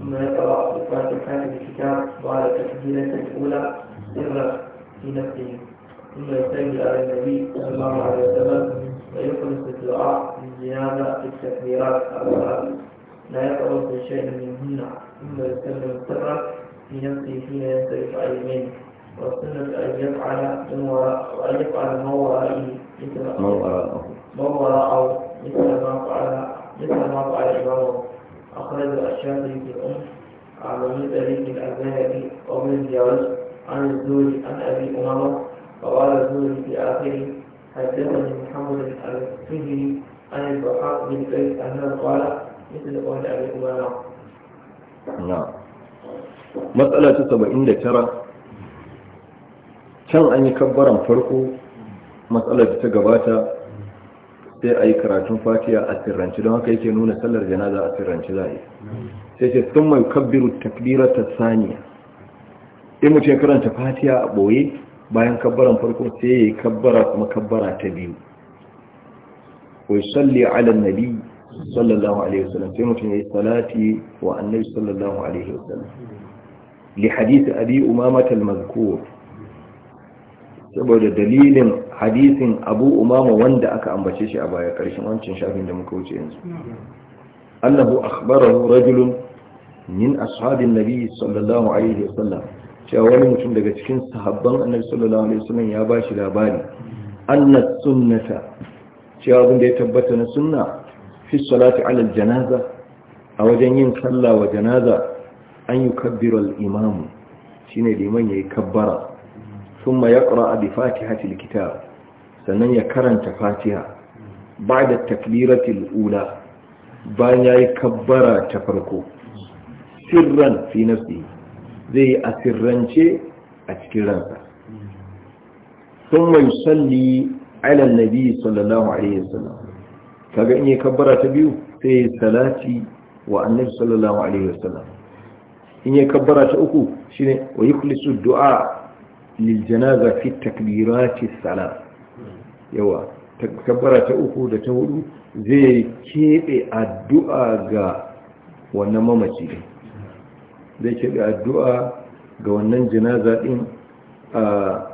ثم يقرأ الفاتحة الكتاب بعد تكبيرة الأولى سرا في نفسه ثم يسلم على النبي صلى الله عليه وسلم ويخلص الدعاء بالزيادة في التكبيرات الثلاث لا يقرأ في شيء منهن ثم يسلم سرا في نفسه حين ينصرف على اليمين والسنة أن يفعل من وراء ان يفعل ما ورائه مثل ما وراءه من طريق الأذهبي ومن زيارج عن الزهري عن أبي أمامة وقال الزهري في آخره حدثني محمد الفجري عن الضحاك بن قيس أنه قال مثل قول أبي أمامة نعم مسألة ta عند can كان أن يكبر farko مسألة ta sai a yi karatun fatiya a sirranci don haka yake nuna sallar janaza a sirranci za a yi sai ce sun mai kabbiru takbira ta saniya in mutum ya karanta fatiya a ɓoye bayan kabbaran farko sai ya yi kabbara kuma kabbara ta biyu wai salli ala nabi sallallahu alaihi wasallam sai mutum ya yi salati wa annabi sallallahu alaihi wasallam li hadisi abi umamata al-mazkur saboda dalilin hadisin abu umama wanda aka ambace shi a baya ƙarshen wancan shafin da muka wuce yanzu annahu akhbarahu rajulun min ashabin nabi sallallahu alaihi wasallam cewa wani mutum daga cikin sahabban annabi sallallahu alaihi wasallam ya bashi labari anna sunnata cewa abin da ya tabbata na sunna fi salati ala janaza a wajen yin sallah wa janaza an yukabbiru al-imamu shine liman yayi kabbara summa ثم fatiha بفاتحه likita sannan ya karanta fatiha ba da takbiratul ula bayan ya yi kabbara ta farko sirran fi nafsi zai a sirrance a cikin ransa sun mai salli alal nabi sallallahu alaihi wasallam kaga in yi kabbara ta biyu sai salati wa annabi sallallahu alaihi wasallam in yi kabara ta uku shine wa yukhlisu du'a liljanaza fi takbirati salat yawa kabbara ta uku da ta hudu zai keɓe addu'a ga wannan mamaci din zai keɓe addu'a ga wannan janaza din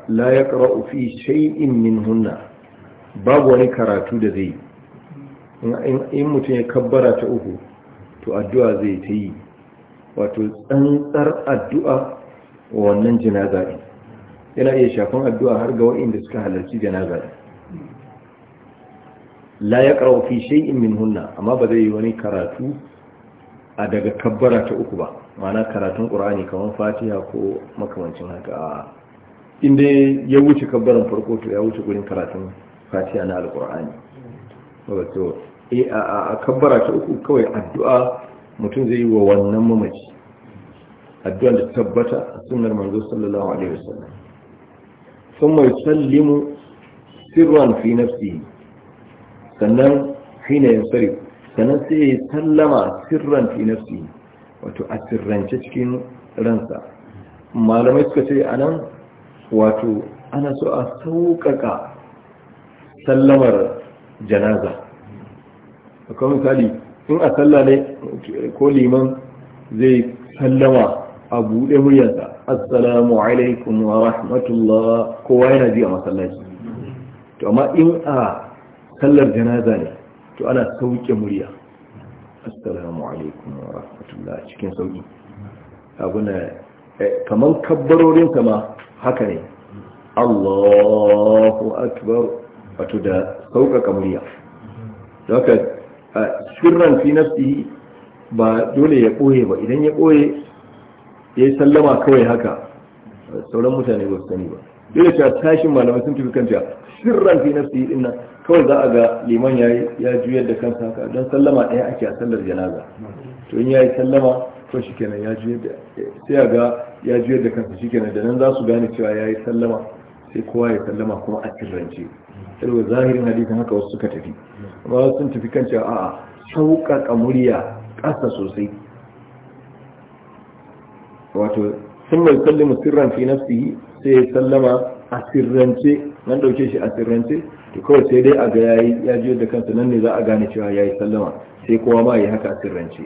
la ya ƙara'u fi shay'in min babu wani karatu da zai in mutum ya kabbara ta uku to addu'a zai ta yi wato tsantsar addu'a wa wannan jinaza ɗin yana iya shafin addu'a har ga wa'inda suka halarci janaza la ya ƙarau fi shay'in min hunna amma ba zai yi wani karatu a daga kabbara ta uku ba ma'ana karatun qur'ani kamar fatiha ko makamancin haka inda ya wuce kabbaran farko to ya wuce gurin karatun fatiha na alqur'ani wato eh, a kabbara ta uku kawai addu'a mutum zai yi wa wannan mamaci addu'a da tabbata a sunnar manzo sallallahu alaihi wasallam thumma yusallimu sirran fi nafsihi sannan hina yansarif sannan sai ya sallama sirran fi wato a sirrance cikin ransa malamai suka ce anan wato ana so a sauƙaƙa sallamar janaza Ka misali in a salla ko liman zai sallama a buɗe muryarsa assalamu alaikum wa rahmatullah kowa yana ji a masallaci to amma in a sallar janaza ne to ana sauke murya assalamu alaikum wa rahmatullah cikin sauki abuna eh, kamar kabbarorin kama haka ne Allahu akbar wato da sauƙaƙa murya da haka sirran fi nafsihi ba dole ya ɓoye ba idan ya ɓoye ya yi sallama kawai haka sauran mutane ba su sani ba dole cewa tashin malamai sun tafi kan cewa sirran fi nafsi din nan kawai za a ga liman ya ya juyar da kansa haka don sallama ɗaya ake a sallar janaza to in yi sallama to shikenan ya juyar da sai a ga ya juyar da kansa shikenan da nan za su gane cewa ya yi sallama sai kowa ya sallama kuma a sirrance saboda zahirin hadisin haka wasu suka tafi amma sun tafi kan cewa a'a sauƙaƙa murya ƙasa sosai wato sun mai kalli musirran fi nafsi sai ya sallama a sirrance nan dauke shi a sirrance to kawai sai dai a ga yayi ya ji da kansa nan ne za a gane cewa yayi sallama sai kowa ma yi haka a sirrance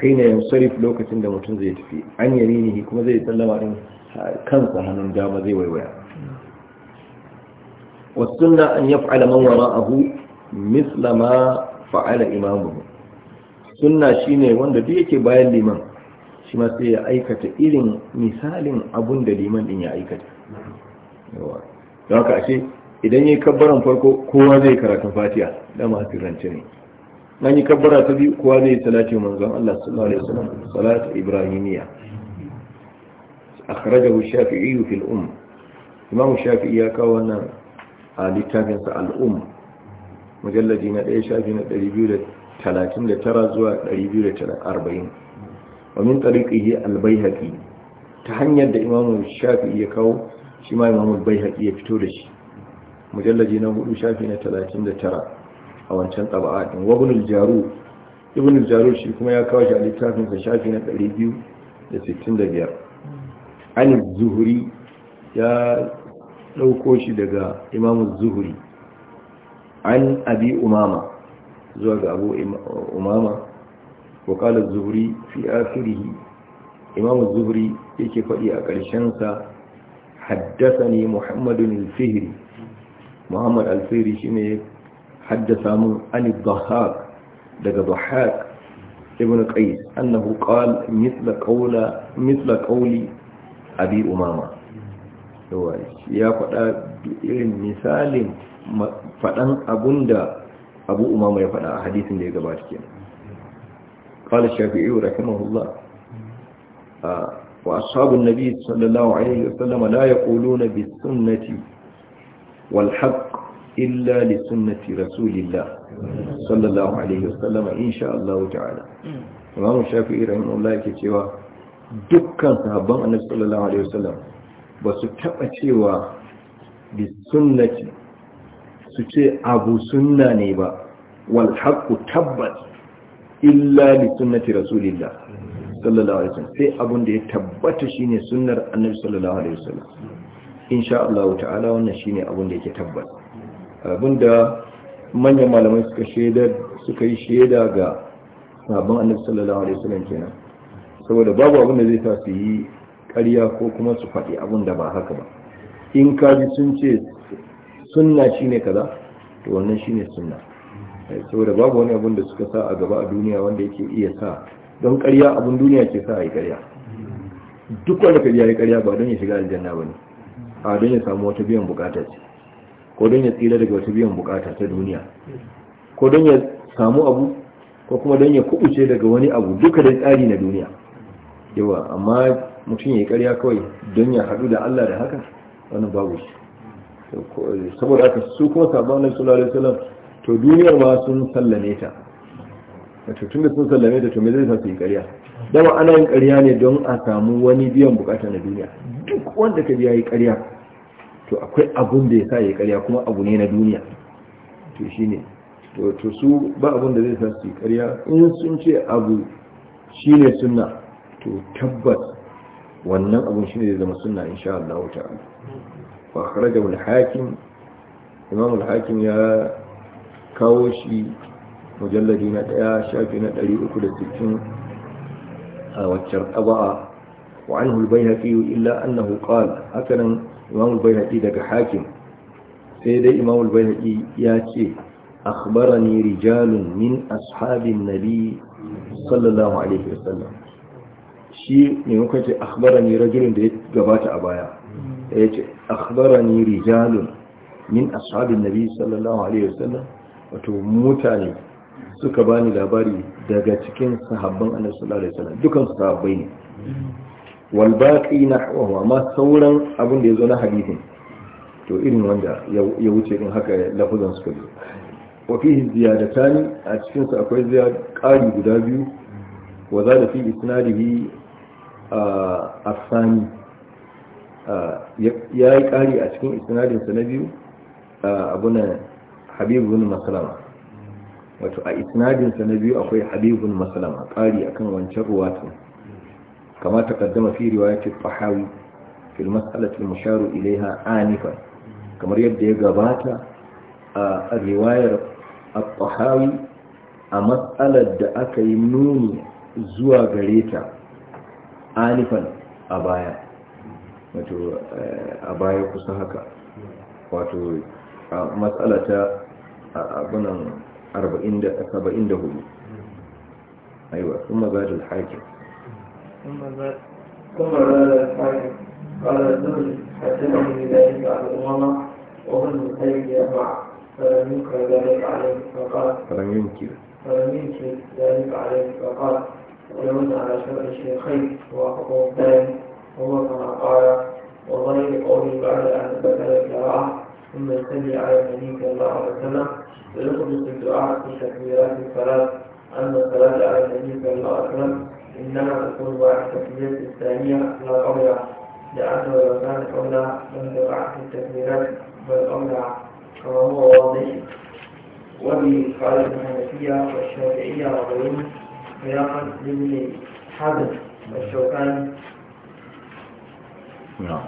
hina yansarif lokacin da mutum zai tafi an yaminihi kuma zai sallama din kansa hannun dama zai waiwaya an ya fa'ala man وراءه مثل mislama fa'ala imamu sunna shine wanda duk yake bayan liman shi ma sai ya aikata irin misalin abun da liman din ya aikata yawa don haka ashe idan yayi kabbaran farko kowa zai karatu fatiha da masu rance ne nan yi kabbara ta biyu kowa zai salati manzon Allah sallallahu alaihi wasallam salatu ibrahimiyya akhrajahu shafi'i fi al-umm imam shafi'i ya kawo wannan a littafin sa al-umm mujalladi na 1 shafi na 239 zuwa 240 wa min tariqihi al-baihaqi ta hanyar da imamu shafi'i ya kawo shi ma imamu al-baihaqi ya fito da shi mujallaji na hudu shafi na 39 a wancan taba'a din wa ibn al-jaru ibn al-jaru shi kuma ya kawo shi a littafin sa shafi na 265 an Zuhri ya dauko shi daga imamu Zuhri. an abi umama zuwa ga abu umama وقال الزهري في آخره إمام الزهري يكفئي أكالشنسا حدثني محمد الفهري محمد الفهري شمي حدث عن الضحاك لك ضحاك ابن قيس أنه قال مثل قول مثل قول أبي أمامة ya faɗa irin misalin faɗan abun da abu umama ya faɗa a hadisin da ya gabata kenan قال الشافعي رحمه الله وأصحاب النبي صلى الله عليه وسلم لا يقولون بالسنة والحق إلا لسنة رسول الله صلى الله عليه وسلم إن شاء الله تعالى إمام الشافعي رحمه الله كتوى دكان صحابان النبي صلى الله عليه وسلم وستبتوى بالسنة سوى أبو سنة نيبا والحق تبت illa li sunnati rasulillah sallallahu alaihi wasallam sai abun da ya tabbata shine sunnar annabi sallallahu alaihi wasallam insha Allah ta'ala wannan shine abun da yake tabbata abinda manyan malamai suka shaida suka yi shaida ga sabon annabi sallallahu alaihi wasallam kenan saboda babu abun da zai tafi yi ƙarya ko kuma su faɗi abun da ba haka ba in kaji sun ce sunna shine kaza to wannan shine sunna saboda babu wani abin da suka sa a gaba a duniya wanda yake iya sa don ƙarya abin duniya ke sa a yi ƙarya duk wanda ka biya yi ƙarya ba don ya shiga aljanna ba ne a don ya samu wata biyan bukata ce ko don ya tsira daga wata biyan bukata ta duniya ko don ya samu abu ko kuma don ya kubuce daga wani abu duka da tsari na duniya yawa amma mutum ya yi ƙarya kawai don ya haɗu da Allah da haka wannan babu shi saboda haka su kuma sabon na sallallahu alaihi wasallam to duniyar ma sun sallame ta wato tun da sun sallame ta to me zai sa su yi ƙarya dama ana yin ƙarya ne don a samu wani biyan bukata na duniya duk wanda ka biya yi ƙarya to akwai abun da ya sa yi ƙarya kuma abu ne na duniya to to to su ba abun da zai sa su yi ƙarya in sun ce abu shine suna to tabbas wannan abun shine zai zama in sha Allah ta'ala ba kharaja al-hakim imam al-hakim ya kawo shi mujalladi na ɗaya shafi na ɗari uku da sittin a waccan ɗaba'a wa an hulbai haƙi illa an annahu qala hakanan imam hulbai haƙi daga hakim sai dai imam hulbai haƙi ya ce akhbarani rijalun min ashabin nabi sallallahu alaihi wasallam shi ne muka ce akhbarani rajulun da ya gabata a baya ya ce akhbarani rijalun min ashabin nabi sallallahu alaihi wasallam wato mutane suka bani labari daga cikin sahabban annabi sallallahu alaihi wasallam dukan sahabbai ne wal baqi nahwahu amma sauran abin da yazo na hadisin to irin wanda ya wuce din haka lafazan suka zo wa fihi ziyadatan a cikin su akwai ziyad qali guda biyu wa zada fi isnadihi asani ya yi kari a cikin isnadin sa na biyu abuna habibu masalama wato a isnadinsa na biyu akwai habibu masalama ƙari akan wancan ruwatun kama ta kaddama fi riwaya riwayatul fahawi fil mas'alatul musharu ilaiha anifan kamar yadda ya gabata a riwayar al-fahawi a matsalar da aka yi nuni zuwa gare ta anifan a baya wato eh, a baya kusa haka wato a ta abunan 74 aiwa ثم zaji al-hakim kuma zaji al-hakim قال الزهري حدثني بذلك عن أمامة وهو المسيب يسمع فلم ينكر ذلك عليه فقال فلم ينكر فلم ينكر ذلك عليه فقال ولمن على شرع الشيخين وافقه الثاني وهو كما قال والله قولي بعد أن بذلك راه ثم يصلي على النبي صلى الله عليه وسلم ويخلص الدعاء في تكبيرات الصلاة أما الصلاة على النبي صلى الله عليه وسلم إنما تكون بعد التكبيرات الثانية لا قبلها لأنه لو كان قبلها لم تقع في التكبيرات بل قبلها كما هو واضح وفي قال الحنفية والشافعية وغيرهم خلافا لابن حزم والشوكاني نعم.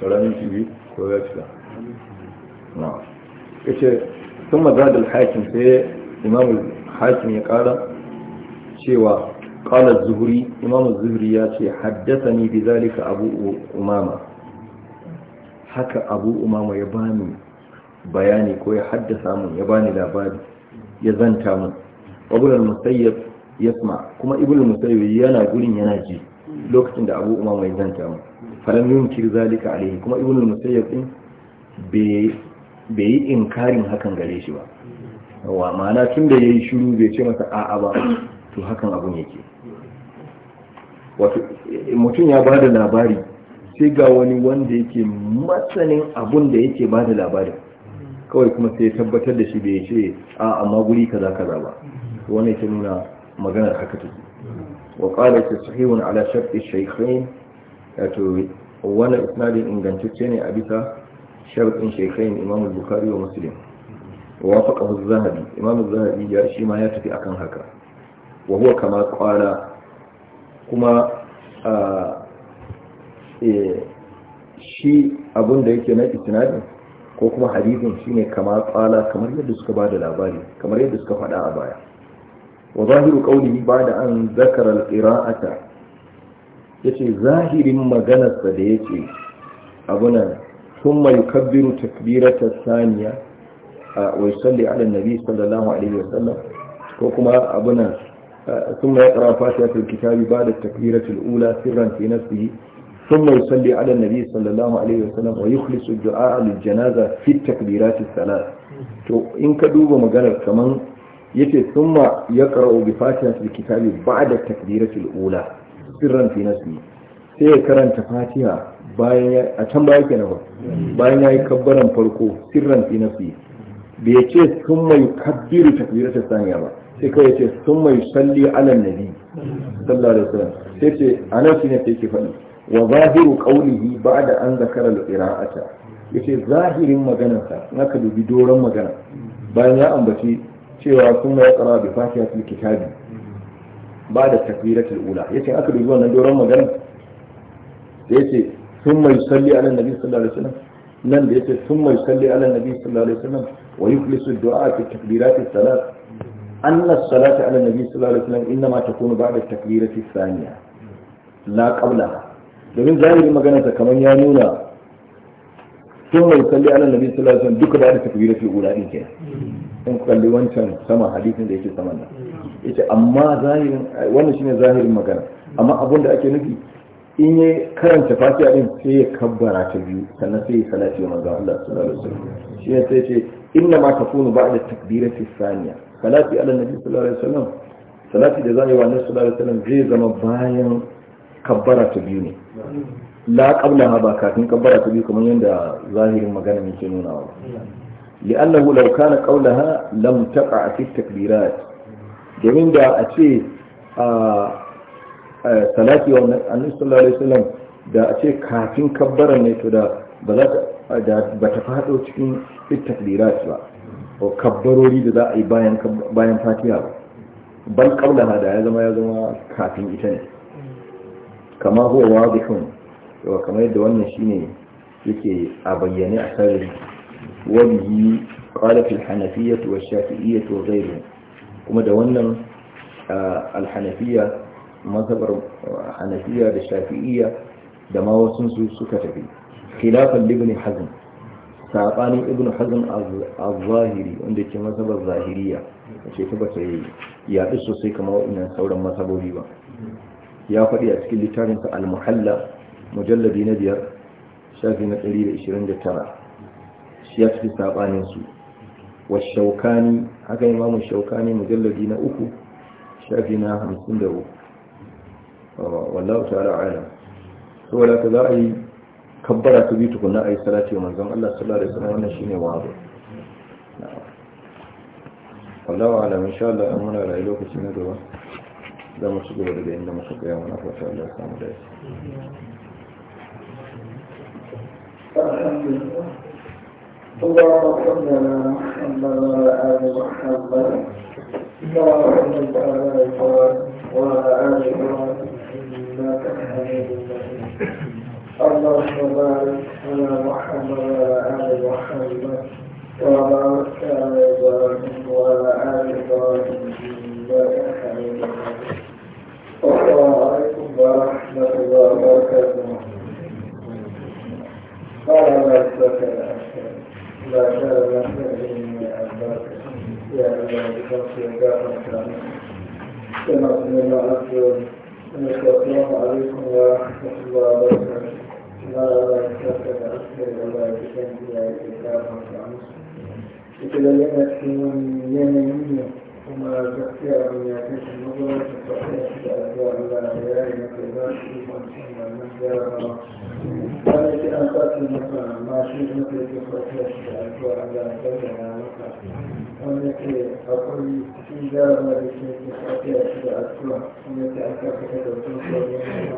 سلام عليكم. كويس. ya ce sun mazadar haikin sai imamu haikin ya kara cewa kanar zuhuri imamu zuhuri ya ce haddasa ne bi zalika abu umama haka abu umama ya bani bayani ko ya haddasa mun ya bani labari ya zanta mun ɓaɓular musayyar ya sma kuma ibul musayyar yana gurin yana ji lokacin da abu umama ya zanta mun faramin kiri alihi kuma ibul musayyar din be yi inkarin hakan gare shi ba wa ma'ana tun da ya yi shuru bai ce masa a'a ba to hakan abun yake mutum ya ba da labari sai ga wani wanda yake matsanin abun da yake ba da labari kawai kuma sai tabbatar da shi bai ce a amma guri kaza kaza ba wani ta nuna maganar haka take wa qala ta sahihun ala shartu ya wato wani isnadin ingantacce ne a bisa sharuɗin shekayin imam bukari wa muslim wa faka zahabi imam zahabi ya shi ma ya tafi akan haka wa huwa kama kwala kuma e, shi abun da yake na itinadin ko kuma hadithin shine kama kwala kamar yadda suka ba da labari kamar yadda suka faɗa a baya wa zahiru qawlihi ba'da an zakara al yace zahirin maganarsa da yake abunan ثم يكبر تكبيرة الثانية ويصلي على النبي صلى الله عليه وسلم وكما أبنا ثم يقرأ فاتحة الكتاب بعد التكبيرة الأولى سرا في نفسه ثم يصلي على النبي صلى الله عليه وسلم ويخلص الدعاء للجنازة في التكبيرات الثلاث إن كدوب مقالة كمان يتي ثم يقرأ بفاتحة الكتاب بعد التكبيرة الأولى سرا في نفسه sai ya karanta fatiha a can baya kenan ba bayan ya yi kabbaran farko sirran fi nafsi bai ya ce sun mai kabbiru takbirar ta saniya ba sai kawai ce sun mai salli alan nabi sallallahu alaihi wasallam sai ce a nan shine ta ke faɗi wa zahiru qawlihi ba'da an zakara al-qira'ata yace zahirin maganarsa in aka dubi doron magana bayan ya ambaci cewa sun mai qara bi fatihatul kitabi ba da takbiratul ula yace aka dubi wannan doron magana da ce sun mai salli ala nabi sallallahu alaihi wasallam nan da ce sun mai salli ala nabi sallallahu alaihi wasallam wa yuflisu du'a fi takbirati salat anna as-salata ala nabi sallallahu alaihi wasallam innama takunu ba'da takbirati thaniya la qabla domin zahiri magana ta kaman ya nuna sun mai salli ala nabi sallallahu alaihi wasallam duka ba'da takbirati ula din kenan in kalli wancan sama hadisin da yake saman nan yace amma zahirin wannan shine zahirin magana amma abin da ake nufi in ya karanta fasiya din sai ya kabbara ta biyu sannan sai ya salati wa manzo Allah sallallahu alaihi wasallam shi ne sai ce inna ma takunu ba'da takbirati thaniya salati ala nabi sallallahu alaihi wasallam salati da zai wa nabi sallallahu alaihi wasallam zai zama bayan kabbara ta biyu ne la qabla ba kafin kabbara ta biyu kamar yadda zahirin magana ne ke nuna wa li'annahu law kana qawlaha lam taqa fi takbirat domin da a ce Eh, salati wa annabi sallallahu alaihi wasallam da a ce kafin kabbara ne to da ba za ta da ba ta fado cikin takbirat ba ko kabbarori da za a yi bayan bayan fatiha ba bal qablaha hada ya zama ya zama kafin ita ne kama huwa wadihun to kamar yadda wannan shine yake a bayyane a sarari wani qala fil hanafiyyah wa shafi'iyyah wa ghayruhum kuma da wannan eh, al-hanafiyya mazhabar hanafiya da shafi'iyya da ma wasu su suka tafi khilafan ibn hazm sabanin ibn hazm az-zahiri wanda ke mazhabar zahiriya ce ta bata yi yaɗi sosai kamar waɗannan sauran mazhabobi ba ya faɗi a cikin littafinsa al-muhalla mujalladi na biyar shafi na 129 shi ya fi sabanin su wa shaukani haka imamu shaukani mujalladi na uku shafi na 53 والله تعالى عالم هو لا تدعي كبرة تبيتك لا أي صلاة يوم الجمعة الله صلى الله عليه وسلم وانا شيني والله أعلم إن شاء الله أمنا على إلوك سندوا لا مشكوة لدي إن مشكوة يا من أفرح الله سلام عليكم اللهم صل على محمد وعلى آل محمد اللهم صل على محمد وعلى آل محمد اللهم بارك على محمد وعلى آل محمد وبارك على إبراهيم وعلى آل إبراهيم إنك حميد مجيد السلام عليكم ورحمة الله وبركاته قال ما لك لا شر لك من البركة يا الله بفضلك يا رب العالمين كما سمعنا السلام عليكم ورحمة الله وبركاته لا لا يستطيع أكثر ولا يستطيع إلى الكتاب والشمس يتبين في يمين وما تكفي عن يأتيك النظرة Allah ya yi maka za su yi kwanci wannan jarabawa wanda ke an fatin maka da shi ne ke ke kwanciya shi da addu'a da ya bayyana maka wanda ke akwai shi jarabawa da ke ke kwanciya shi da addu'a wanda ke an fatin maka da kuma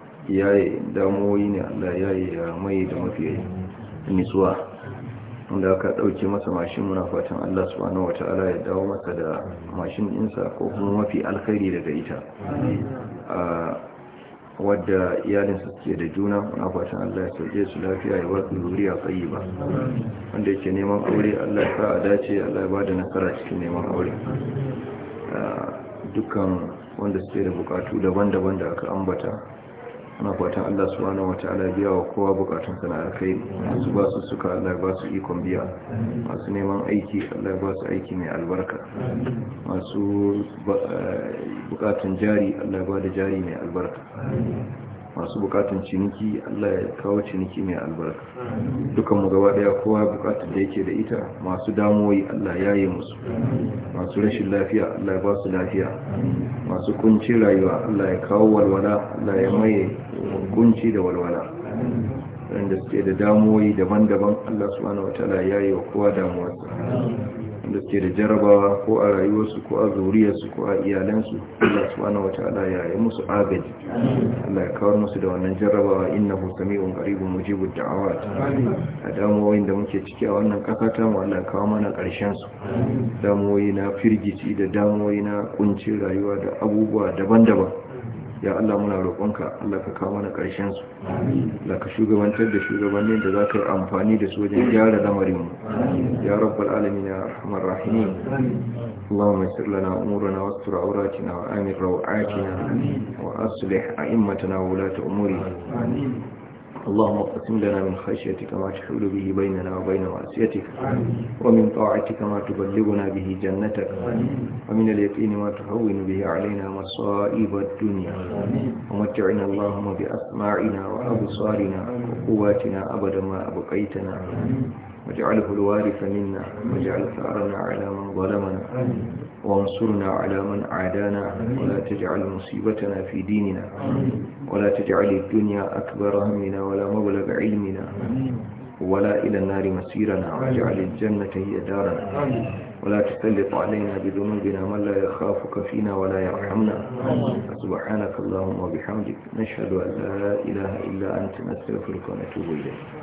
yaye damuwoyi ne Allah yi ya mai da mafi nisuwa wanda aka dauke masa mashin muna fatan Allah subhanahu ta'ala ya dawo masa da mashin insa ko kuma mafi alkhairi daga ita wadda iyalinsa suke da juna muna fatan Allah ya sauke su lafiya ya wasu zuriya tsayi ba wanda yake neman aure Allah ya sa a dace Allah ya ba da nasara cikin neman aure dukkan wanda suke da bukatu daban-daban da aka ambata muna fatan Allah subhanahu wataala biya wa kowa bukatun sa na alkhairi su ba su suka Allah ba su ikon biya masu neman aiki Allah ba su aiki mai albarka masu eh, bukatun jari Allah ba da jari mai albarka masu bukatun ciniki Allah ya kawo ciniki mai albarka dukan mu gaba daya kowa bukatun da yake da ita masu damuwoyi Allah ya yi musu masu rashin lafiya Allah ya ba su lafiya masu kuncin rayuwa Allah ya kawo walwala Allah ya maye kunci da walwala da suke da damuwoyi daban-daban Allah subhanahu wataala ya yi wa kowa damuwarsa wanda suke da jarabawa ko a rayuwarsu ko a zuriyarsu ko a iyalansu Allah subhanahu wataala ya yi musu agaji Allah ya kawar musu da wannan jarabawa innahu sami'un qaribun mujibud da'awat a damuwoyin da muke ciki a wannan kasa ta mu Allah ya kawo mana karshen su damuwoyi na firgici da damuwoyi na kuncin rayuwa da abubuwa daban-daban ya Allah muna roƙonka Allah ka kawo mana ƙarshen su Allah ka shugabantar da shugabannin da za ka yi amfani da su wajen gyara lamarin mu ya rabbal alamin ya rahman rahim Allahumma yassir lana umurana wastur awratina wa amir rawatina wa aslih a'immatana wa ulata umurina اللهم اقسم لنا من خشيتك ما تحول به بيننا وبين معصيتك ومن طاعتك ما تبلغنا به جنتك ومن اليقين ما تهون به علينا مصائب الدنيا ومتعنا اللهم بأسماعنا وأبصارنا وقواتنا أبدا ما أبقيتنا واجعله الوارث منا واجعل ثارنا على من ظلمنا وانصرنا على من عادانا ولا تجعل مصيبتنا في ديننا ولا تجعل الدنيا أكبر همنا ولا مبلغ علمنا ولا إلى النار مسيرنا واجعل الجنة هي دارنا ولا تسلط علينا بذنوبنا من لا يخافك فينا ولا يرحمنا سبحانك اللهم وبحمدك نشهد أن لا إله إلا أنت نستغفرك ونتوب إليك